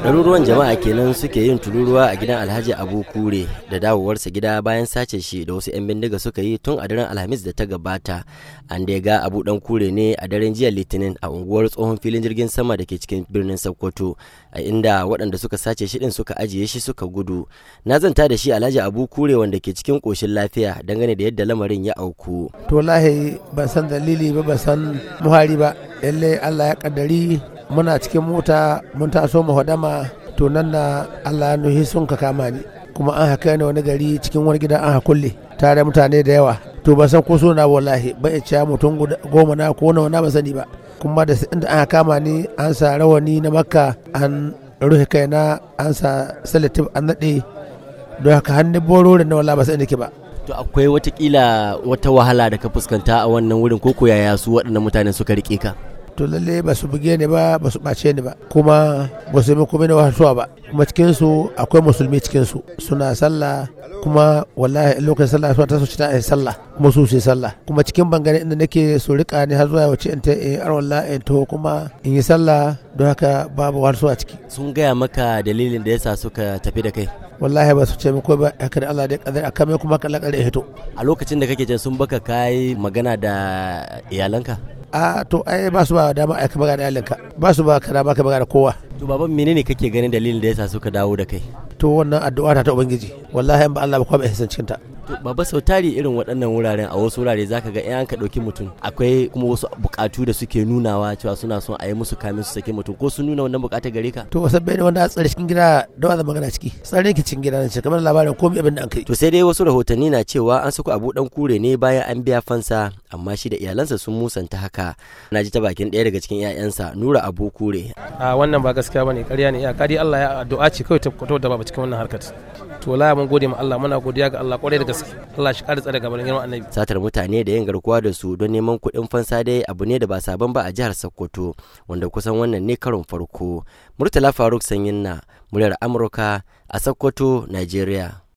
Ɗaruruwan jama'a kenan suke yin tururuwa a gidan Alhaji Abu Kure da dawowarsa gida bayan sace shi da wasu 'yan bindiga suka yi tun a daren Alhamis da ta gabata. An da ga Abu Dan Kure ne a daren jiya Litinin a unguwar tsohon filin jirgin sama da ke cikin birnin Sokoto, a inda waɗanda suka sace shi ɗin suka ajiye shi suka gudu. Na zanta da shi Alhaji Abu Kure wanda ke cikin ƙoshin lafiya dangane da yadda lamarin ya auku. To lahi ban san dalili ba ban san buhari ba yalle allah ya kadari muna cikin mota mun taso mu hadama to nan na allah ya nuhi sun ka kama ni kuma an haka ni wani gari cikin wani gida an hakulle tare mutane da yawa to ba san ko so na wallahi ba ya ciya mutum goma na ko nawa na ba sani ba kuma da inda an kama ni an sa rawani na makka an ruhi kaina an sa salatif an naɗe don haka hannun boro da na wala ba sani ke ba to akwai watakila wata wahala da ka fuskanta a wannan wurin koko yaya su waɗannan mutane suka rike ka to lalle ba su buge ni ba ba su ɓace ni ba kuma ba su yi kuma ni wasuwa ba kuma cikin akwai musulmi cikin su suna sallah kuma wallahi lokacin sallah su ta su a ai sallah kuma su su sallah kuma cikin bangare inda nake su rika ni har zuwa wace in ta yi arwalla in to kuma in yi sallah don haka babu wasuwa ciki sun gaya maka dalilin da yasa suka tafi da kai wallahi ba su ce min ko ba haka da Allah da kadar aka mai kuma kallakar da hito a lokacin da kake jin sun baka kai magana da iyalanka a to ai ba su ba dama ai ka magana iyalinka ba su ba ka dama ka magana kowa to baban menene kake ganin dalilin da yasa suka dawo da kai to wannan addu'a ta ubangiji wallahi in ba Allah ba kuma ihsan cikin ta baba sau tari irin waɗannan wuraren a wasu wurare zaka ga in an ka ɗauki mutum akwai kuma wasu buƙatu da suke nunawa cewa suna son a yi musu kamin su sake mutum ko sun nuna wannan buƙatar gare ka. to wasu bai da wanda tsare cikin gida da wanda magana ciki tsare ki cikin gida na ce kamar labarin komai abin da an kai. to sai dai wasu rahotanni na cewa an saku abu dan kure ne bayan an biya fansa amma shi da iyalansa sun musanta haka na ji ta bakin ɗaya daga cikin 'ya'yansa nura abu kure a wannan ba gaskiya bane ƙarya ne ya kadi Allah ya addu'a ce kawai ta fito da ba cikin wannan harkar to la mun gode ma Allah muna godiya ga Allah kwarai da gaske Allah shi ƙara tsare gaban girman annabi satar mutane da yin garkuwa da su don neman kuɗin fansa dai abu ne da ba sabon ba a jihar Sokoto wanda kusan wannan ne karon farko Murtala Faruk Sanyin na muryar Amurka a Sokoto Najeriya.